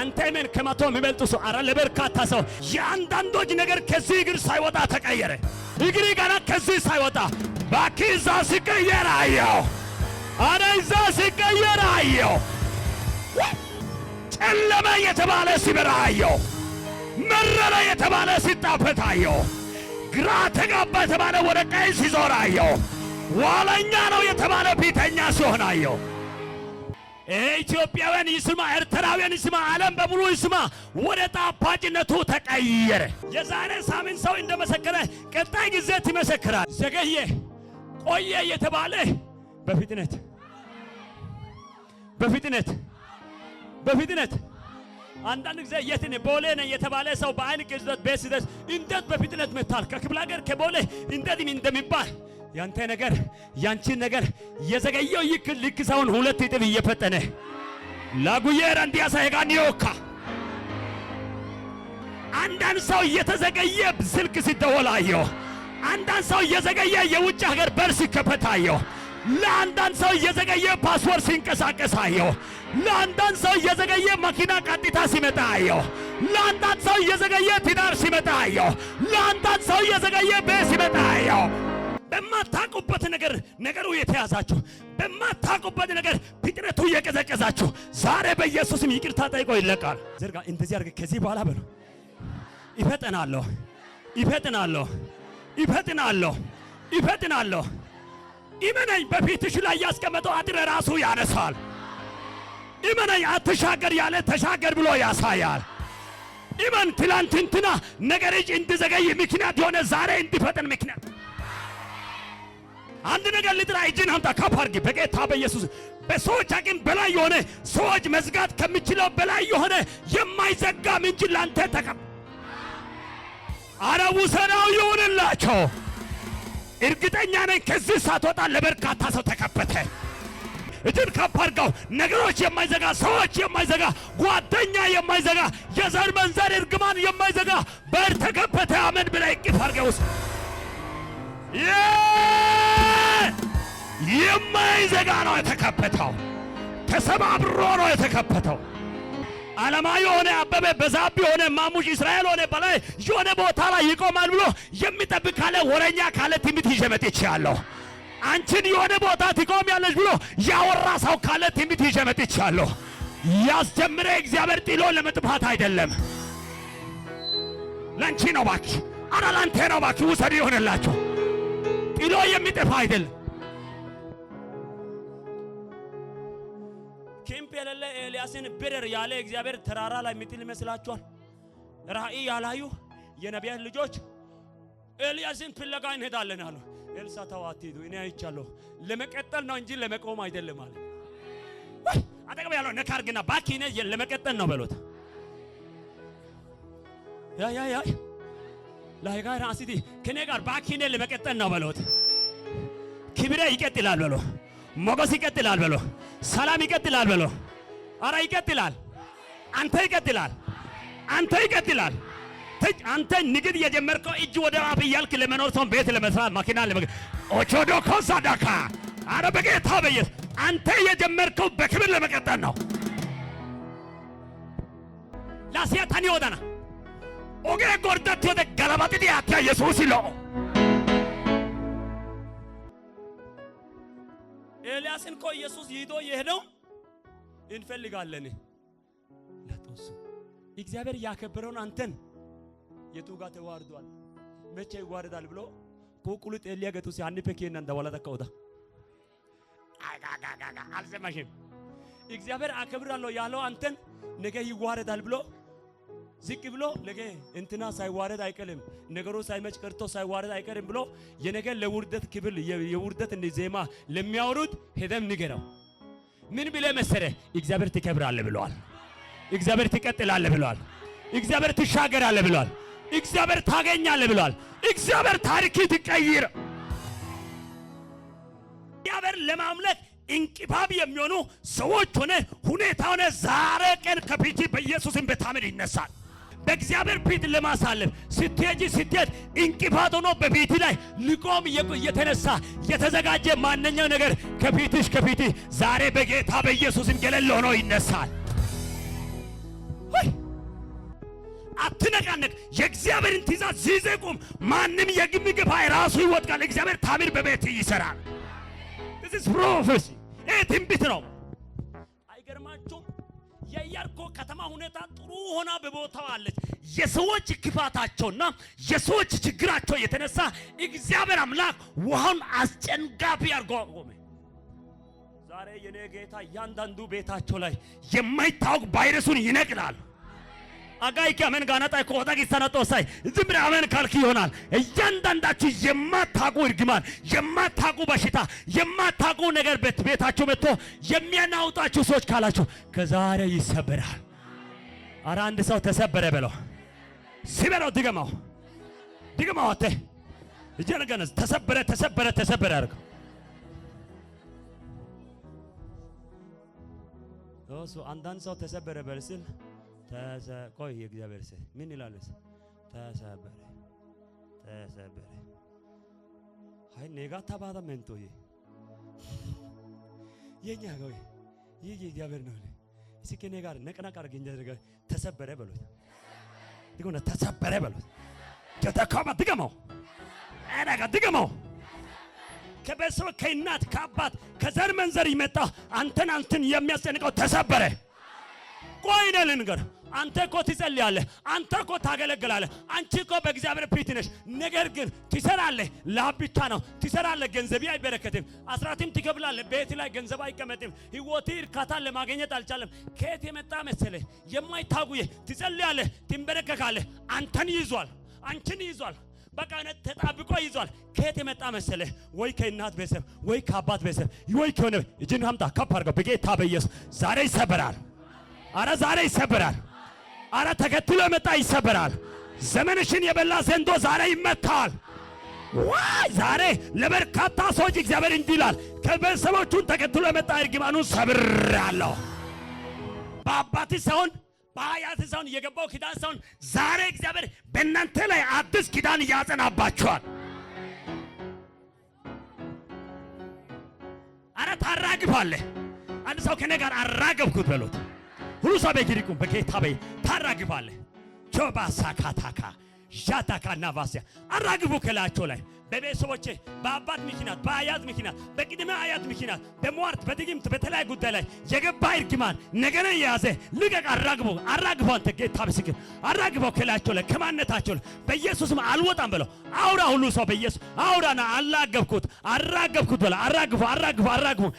አንተ ምን ከመቶ የሚበልጡ ሰው አረ ለበርካታ ሰው የአንዳንዶች ነገር ከዚህ እግር ሳይወጣ ተቀየረ። እግሪ ጋና ከዚህ ሳይወጣ ባኪ እዛ ሲቀየር አየው። አረ እዛ ሲቀየር አየው። ጨለመ የተባለ ሲበራ አየው። መረረ የተባለ ሲጣፈት አየው። ግራ ተጋባ የተባለ ወደ ቀኝ ሲዞር አየው። ዋለኛ ነው የተባለ ፊተኛ ሲሆን አየው። ኢትዮጵያውያን ይስማ፣ ኤርትራውያን ይስማ፣ ዓለም በሙሉ ይስማ። ወደ ጣፋጭነቱ ተቀየረ። የዛሬ ሳምንት ሰው እንደመሰከረ ቀጣይ ጊዜ ትመሰክራል። ዘገየ ቆየ እየተባለ በፍጥነት በፍጥነት በፍጥነት አንዳንድ ጊዜ የት ነህ ቦሌ ነህ የተባለ ሰው በአይን ቅጽበት ቤት ሲደርስ እንዴት በፍጥነት መታል ከክፍለ ሀገር ከቦሌ እንዴት እንደሚባል ያንተ ነገር ያንቺን ነገር የዘገየው ልክ ሳይሆን ሁለት እጥፍ እየፈጠነ ላጉየር እንዲያሳ የጋን ይወካ አንዳንድ ሰው እየተዘገየ ስልክ ሲደወላየው፣ አንዳንድ ሰው እየዘገየ የውጭ ሀገር በር ሲከፈታየው፣ ለአንዳንድ ሰው እየዘገየ ፓስፖርት ሲንቀሳቀሳየው፣ ለአንዳንድ ሰው እየዘገየ መኪና ቀጥታ ሲመጣየው፣ ለአንዳንድ ሰው እየዘገየ ትዳር ሲመጣየው፣ ለአንዳንድ ሰው እየዘገየ ቤት ሲመጣየው በማታውቁበት ነገር ነገሩ የተያዛችሁ በማታውቁበት ነገር ፍጥረቱ እየቀዘቀዛችሁ ዛሬ በኢየሱስም ይቅርታ ጠይቆ ይለቃል። ዘርጋ እንደዚህ አድርገህ ከዚህ በኋላ በሉ ይፈጠናለሁ፣ ይፈጥናለሁ፣ ይፈጥናለሁ፣ ይፈጥናለሁ። እመነኝ፣ በፊትሽ ላይ ያስቀመጠው አጥር ራሱ ያነሳል። እመነኝ፣ አትሻገር ያለ ተሻገር ብሎ ያሳያል። ኢመን ትላንትንትና እጅ እንድዘገይ ምክንያት የሆነ ዛሬ እንዲፈጠን ምክንያት አንድ ነገር ልጥራ። እጅን አምጣ ከፍ አድርጊ። በጌታ በኢየሱስ በሰዎች አቅም በላይ የሆነ ሰዎች መዝጋት ከሚችለው በላይ የሆነ የማይዘጋ ምንጭ ላንተ ተቀ አረቡ ሰናው ይሁንላቸው። እርግጠኛ ነኝ ከዚህ ሳትወጣ ለበርካታ ሰው ተከፈተ። እጅን ከፍ አድርጋው። ነገሮች የማይዘጋ ሰዎች የማይዘጋ ጓደኛ የማይዘጋ የዘር መንዘር እርግማን የማይዘጋ በር ተከፈተ። አመን ብላ ይቅፍ አድርገውስ የማይዘጋ ነው የተከፈተው። ተሰባብሮ ነው የተከፈተው። አለማየሁ ሆነ አበበ በዛብ ሆነ ማሙሽ እስራኤል ሆነ በላይ የሆነ ቦታ ላይ ይቆማል ብሎ የሚጠብቅ ካለ ወረኛ ካለ ትንቢት ይዤ መጥቻለሁ። አንቺን የሆነ ቦታ ትቆሚያለሽ ብሎ ያወራ ሰው ካለ ትንቢት ይዤ መጥቻለሁ። ያስጀምረ እግዚአብሔር ጥሎ ለመጥፋት አይደለም፣ ለአንቺ ነው ባክ፣ አረ ላንተ ነው ባክ። ውሰዱ ይሆንላችሁ። ጥሎ የሚጠፋ አይደለም። ኤልያስን ብረር ያለ እግዚአብሔር ተራራ ላይ የሚጥል ይመስላችኋል? ራእይ ያላዩ የነቢያት ልጆች ኤልያስን ፍለጋ እንሄዳለን አሉ። ኤልሳ ተው አትሂዱ፣ እኔ አይቻለሁ። ለመቀጠል ነው እንጂ ለመቆም አይደለም አለ። አጠገብ ያለው ነካ አድርግና እባክህ እኔ ለመቀጠል ነው በሎት። ያ ያ ያ ላይ ጋር ከኔ ጋር ባኪ ነ ለመቀጠል ነው በሎት። ክብረ ይቀጥላል በሎ፣ ሞገስ ይቀጥላል በሎ፣ ሰላም ይቀጥላል በሎ አረ ይቀጥላል። አንተ ይቀጥላል። አንተ ይቀጥላል። አንተ ንግድ የጀመርከው እጅ ወደ አፍ እያልክ ለመኖር ሰው ቤት ለመስራት ማኪና ለመግ ኦቾዶኮ ሳዳካ አረ በጌታ በየስ አንተ የጀመርከው በክብር ለመቀጠል ነው። ታኒ ወዳና ኦጌ ጎርዳት ወደ ገለባጥ ዲያታ ኢየሱስ ይለው ኤልያስን እኮ ኢየሱስ ይዶ የሄደው እንፈልጋለን። ለጦሱ እግዚአብሔር ያከበረውን አንተን የቱ ጋር ተዋርዷል፣ መቼ ይዋርዳል ብሎ ቁቁሉት ኤልያ ገጡ ሲያንፈ ኬና እንደዋላ ተከውዳ አጋጋጋጋ አልሰማሽም። እግዚአብሔር አከብራለሁ ያለው አንተን ነገ ይዋረዳል ብሎ ዝቅ ብሎ ነገ እንትና ሳይዋረድ አይቀርም፣ ነገሩ ሳይመጭ ቀርቶ ሳይዋረድ አይቀርም ብሎ የነገ ለውርደት ክብል የውርደት ዜማ ለሚያወሩት ሄደም ንገረው። ምን ብለ መሰረ እግዚአብሔር ትከብራለ ብለዋል። እግዚአብሔር ትቀጥላለ ብለዋል። እግዚአብሔር ትሻገራለ ብለዋል። እግዚአብሔር ታገኛለ ብለዋል። እግዚአብሔር ታሪክ ትቀይር። እግዚአብሔር ለማምለክ እንቅፋት የሚሆኑ ሰዎች ሆነ ሁኔታ ሆነ ዛሬ ቀን ከፊት በኢየሱስን በታመድ ይነሳል። በእግዚአብሔር ፊት ለማሳለፍ ስትሄጂ ስትሄድ እንቅፋት ሆኖ በፊት ላይ ሊቆም የተነሳ የተዘጋጀ ማንኛው ነገር ከፊትሽ ከፊት ዛሬ በጌታ በኢየሱስም ገለል ሆኖ ይነሳል። አትነቃነቅ። የእግዚአብሔርን ትእዛዝ ይዘ ቁም። ማንም የሚገፋ ራሱ ይወጥቃል እግዚአብሔር ታምር በቤት ይሰራል። ፕሮፌሲ ይህ ትንቢት ነው። አይገርማችሁም? የኢያሪኮ ከተማ ሁኔታ ጥሩ ሆና በቦታው አለች። የሰዎች ክፋታቸውና የሰዎች ችግራቸው የተነሳ እግዚአብሔር አምላክ ውሃውን አስጨንጋፊ አድርጎ ቆመ። ዛሬ የኔ ጌታ እያንዳንዱ ቤታቸው ላይ የማይታወቅ ቫይረሱን ይነቅላል። አጋይኪ አሜን ጋናጣ ኮዳ ጊሰናጦሳይ ዝም ብለህ አሜን ካልክ ይሆናል። እያንዳንዳችሁ የማታቁ እርግማን፣ የማታቁ በሽታ፣ የማታቁ ነገር ቤታችሁ መጥቶ የሚያናውጣችሁ ሰዎች ካላችሁ ከዛሬ ይሰበራል። አረ አንድ ሰው ተሰበረ በለው ሲበለው ድገማው ድገማው አተ እጀነገነ ተሰበረ ተሰበረ ተሰበረ አርገው አንዳንድ ሰው ተሰበረ በል ሲል ቆይ የእግዚአብሔር ስም ምን ይላል? ተሰበረ ተሰበረ ሀይ ኔጋ መንቶ ይ የኛ ጋር ይህ የእግዚአብሔር ነው። እስኪ ከኔ ጋር ነቅነቅ አድርግ እንጂ ተሰበረ በሉት። ተሰበረ በሉት። ከተካማ ድገመው ድገመው ከቤተሰብ ከእናት ከአባት ከዘር መንዘር ይመጣ አንተን አንተን የሚያስጨንቀው ተሰበረ። ቆይ አንተ እኮ ትጸልያለህ፣ አንተ እኮ ታገለግላለህ፣ አንቺ እኮ በእግዚአብሔር ፊት ነሽ። ነገር ግን ትሰራለህ፣ ላብ ብቻ ነው ትሰራለህ። ገንዘብ አይበረከትም፣ አስራትም ትገብላለህ፣ ቤት ላይ ገንዘብ አይቀመጥም፣ ህይወት እርካታ ለማግኘት አልቻለም። ከየት የመጣ መሰለህ? የማይታጉየ ትጸልያለህ፣ ትንበረከካለህ፣ አንተን ይዟል፣ አንቺን ይዟል በቃ እውነት ተጣብቆ ይዟል። ከየት የመጣ መሰለ? ወይ ከእናት ቤተሰብ ወይ ከአባት ቤተሰብ ወይ ከሆነ እጅን አምጣ ከፍ አድርገው በጌታ በኢየሱስ ዛሬ ይሰበራል። አረ ዛሬ ይሰበራል። አረ ተከትሎ የመጣ ይሰበራል። ዘመንሽን የበላ ዘንዶ ዛሬ ይመታል። ዋይ ዛሬ ለበርካታ ሰዎች እግዚአብሔር እንዲህ ይላል፣ ከቤተሰቦቹን ተከትሎ የመጣ እርግማኑን ሰብሬአለሁ። በአባት ሳይሆን በአያት ሳይሆን የገባው ኪዳን ሳይሆን ዛሬ እግዚአብሔር በእናንተ ላይ አዲስ ኪዳን እያጸናባችኋል። አረ ታራግፋለህ። አንድ ሰው ከነ ጋር አራገብኩት በሎት ሁሉ ሰበ ግሪቁም በጌታ በይ ታራግባለ ቾባ ሳካታካ ዣታካ ናቫስያ አራግቡ ከላያቸው ላይ በቤተሰቦቼ በአባት ምክንያት በአያት ምክንያት በቅድመ አያት ምክንያት በሟርት በድግምት በተለያዩ ጉዳይ ላይ የገባ እርግማን ነገን የያዘ ልቀቅ፣ አራግቦ አራግቦ፣ አንተ ጌታ ምስክር አራግቦ ከላያቸው ላይ ከማነታቸው ላይ በኢየሱስም አልወጣም በለው። አውራ ሁሉ ሰው በኢየሱስ አውራና አላገብኩት አራገብኩት በለው። አራግቦ አራግቦ አራግቦ